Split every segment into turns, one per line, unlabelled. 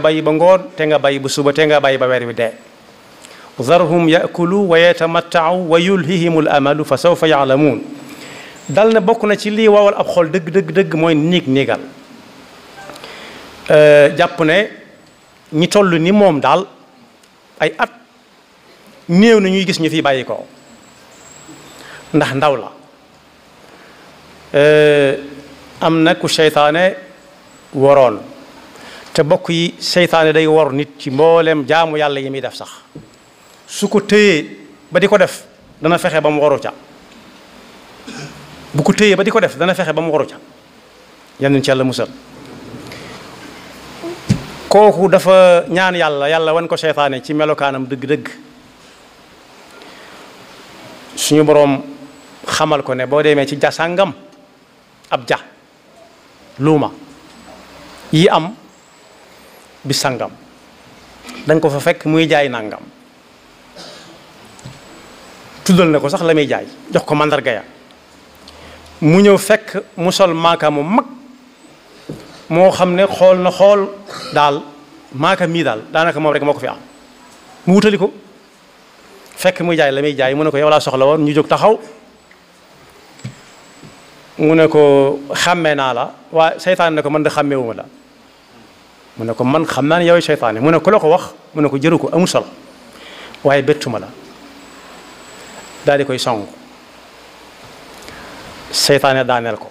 bay ba ngoon te nga bay ba suba te nga bàyyi ba weer wi dee zarhum yakulu wa yatamattaau wa yulhihimul amalu fa sawfa yaalamuun dal na bokk na ci lii wawal ab xol dëgg dëgg mooy niig niigal jàpp ne ñi toll ni moom daal ay at néew na ñuy gis ñu fi bàyyi ko ndax ndaw la am na ku seytaane waroon te mbokk yi seytaane day war nit ci mboolem jaamu yàlla yi muy def sax su ko téyee ba di ko def dana fexe ba mu waru ca bu ko téyee ba di ko def dana fexe ba mu waru ca yal nañu ci yàlla musal kooku dafa ñaan yàlla yàlla wan ko seytaane ci melokaanam dëgg-dëgg suñu boroom xamal ko ne boo demee ci ja sàngam ab ja luuma yi am bi sangam da ko fa fek muy jaay nangam tudal nako sax lamay jaay jox ko mandar gaya mu ñëw fek mu maka mu mag mo xamne xol na xol dal maka mi dal danaka mom rek moko fi am mu wutali ko fekk muy jaay lamay jaay mu ne ko yow la soxla won ñu jóg taxaw mu ne ko xamé na la wa seytaan ne ko man de xàmmeewuma la منكم من خمان يوي شيطان من كل قوخ من كجروك أمسل وهي بيت ملا ذلك يسون شيطان دانيلكو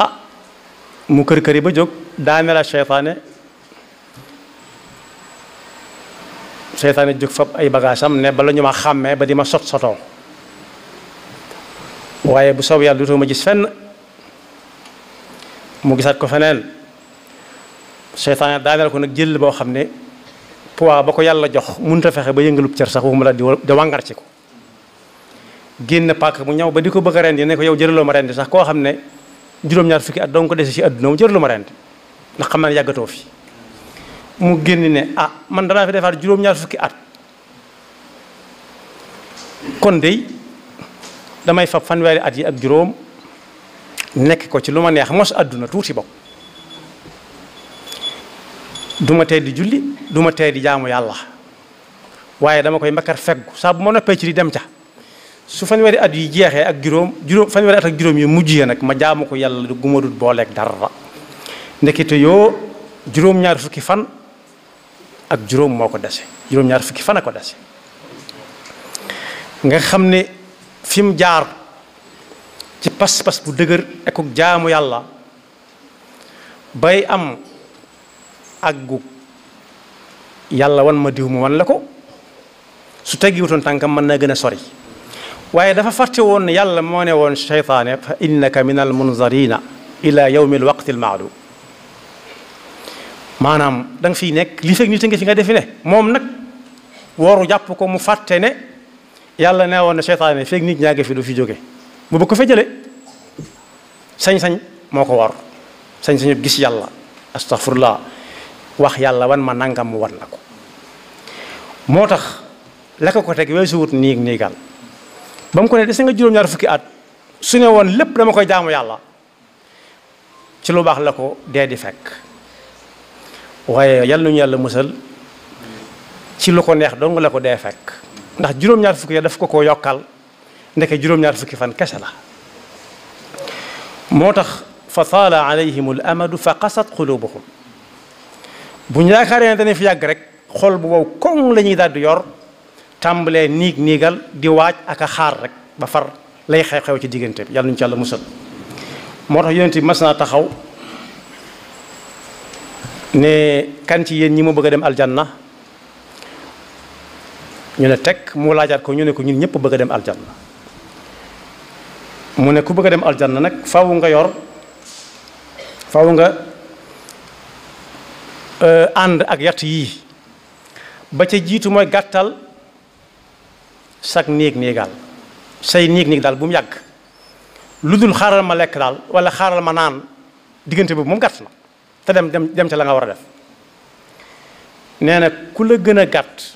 أ آه. مكر كريب جوك دانيل الشيطان شيطان جوك فب أي بعاسم نبلون يوم خامه بدي ما صوت صوتو وهي بسوي على دوره مجلس فن mu gisaat ko feneen seytaane daaneel ko nag jël boo xam ne poids ba ko yàlla jox mënut a fexe ba yëngalu cer sax waxuma la di da wàngar ci ko génn pàkk mu ñaw ba di ko bëgg a rendi ne ko yow jëraloo ma rendi sax koo xam ne juróom-ñaar fukki at dong ko dese ci àdduna mu jëraloo ma rendi ndax xam naa yàggatoo fi mu génn ne ah man danaa fi defaat juróom-ñaar fukki at kon dey damay fab fanweeri at yi ak juróom nekk ko ci lu ma neex mos adduna tuuti bokk du ma di julli du ma tey di jaamu yàlla waaye dama koy mbakkar feggu saa bu ma noppee ci di dem ca su fanweeri at yi jeexee ak juróom juróom fanweeri mujj ya nag ma jaamu ko yàlla gu ma dul booleeg dara ndekete yoo juróom-ñaar fukki fan ak juróom moo ko dese juróom-ñaar fukki fan a ko dese nga xam ne fi jaar. ci pas-pas bu dëgër ekuk jaamu yàlla bay am àggug yàlla wan ma diw mu wan la ko su teggiwutoon tànkam mën naa gën a sori waaye dafa fàtte woon ne yàlla moo ne woon seytaane fa innaka min al munzarina ila yawmi al waqti al maalum maanaam danga nga fiy nekk li fekk nit nga defi moom nag wooru jàpp ko mu fàtte ne yàlla ne woon ne seytaane fekk nit ñaa ngi fi du fi jóge mu bëgg ko fa jëlé sañ-sañ moko war sañ-sañu gis yalla astaghfirullah wax yalla wan ma nangam mu wan la ko moo la ko tek wésu wut niig niigal bam ko né dess nga juroom ñaar fukki at su né won lepp dama koy jaamu yalla ci lu bax la ko di fekk waye yalla ñu yalla mussal ci lu ko neex dong la ko fekk ndax juroom ñaar fukki daf ko ko yokal ndeke juróom-ñaar fukki fan kese la moo tax fa taala alayhim al amadu fa qasat qulubuhum bu dana fi yàgg rek xol bu wow koŋ lañuy ñuy daal di yor tàmbalee niig niigal di waaj ak a xaar rek ba far lay xew-xew ci diggante bi yàlla nañu ci yàlla musal moo tax yonent mas naa taxaw ne kan ci yéen ñi ma bëgg a dem aljanna ñu ne teg mu laajaat ko ñu ne ko ñun ñëpp bëgg a dem aljanna mu ne ku bëgg a dem aljanna nag fawu nga yor fawu nga euh, ànd ak yatt yii ba ca jiitu mooy gàttal sag néeg néegal say néeg néeg daal bu mu yàgg lu dul xaaral ma lekk daal wala xaaral ma naan diggante boobu moom gàtt na te dem dem dem ca la nga war a def nee na ku la gën a gàtt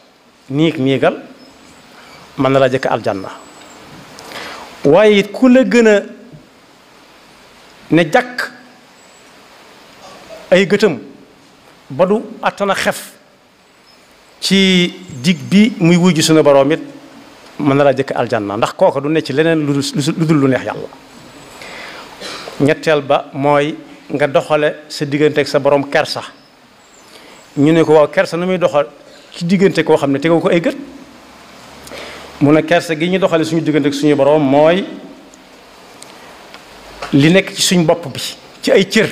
néeg néegal mën na la jëkk aljanna waaye it ku la gën a ne jàkk ay gëtam ba du attana xef ci dig bi muy wujj suñu boroom it mën na laa jëkk aljanna ndax kooka du ne ci leneen lu dul lu neex yàlla ñetteel ba mooy nga doxale sa digganteeg sa borom kersa ñu ne ko waaw kersa nu muy doxal ci diggante koo xam ne tegoo ko ay gët mu ne kersa gi ñu doxale suñu diggante ak suñu boroom mooy li nekk ci suñ bopp bi ci ay cër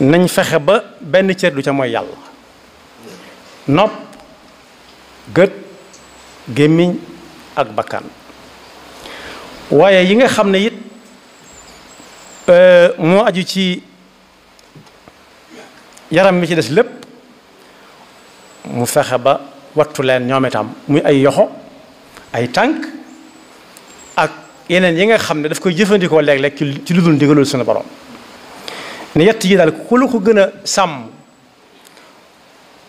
nañ fexe ba benn cër du ca mooy yàlla nopp gët gémmiñ ak bakkan waaye yi nga xam ne it euh, moo aju ci yaram mi ci des lépp mu fexe ba wattu leen ñoom itam muy ay yoxo ay tànk ak yeneen yi nga xam ne daf koy jëfandikoo léeg-léeg ci lu dul ndigalul suñu borom ne yett yi daal ku la ko gën sàmm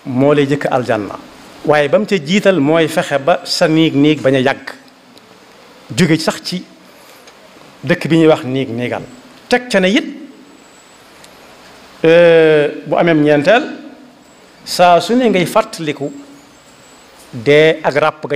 moo lay jëkk aljanna waaye ba mu ca jiital mooy fexe ba sa niig niig bañ a yàgg jóge sax ci dëkk bi ñuy wax niig niigal teg ca ne it euh, bu ameem ñeenteel saa su ne ngay fàttaliku dee ak ràpp ga ca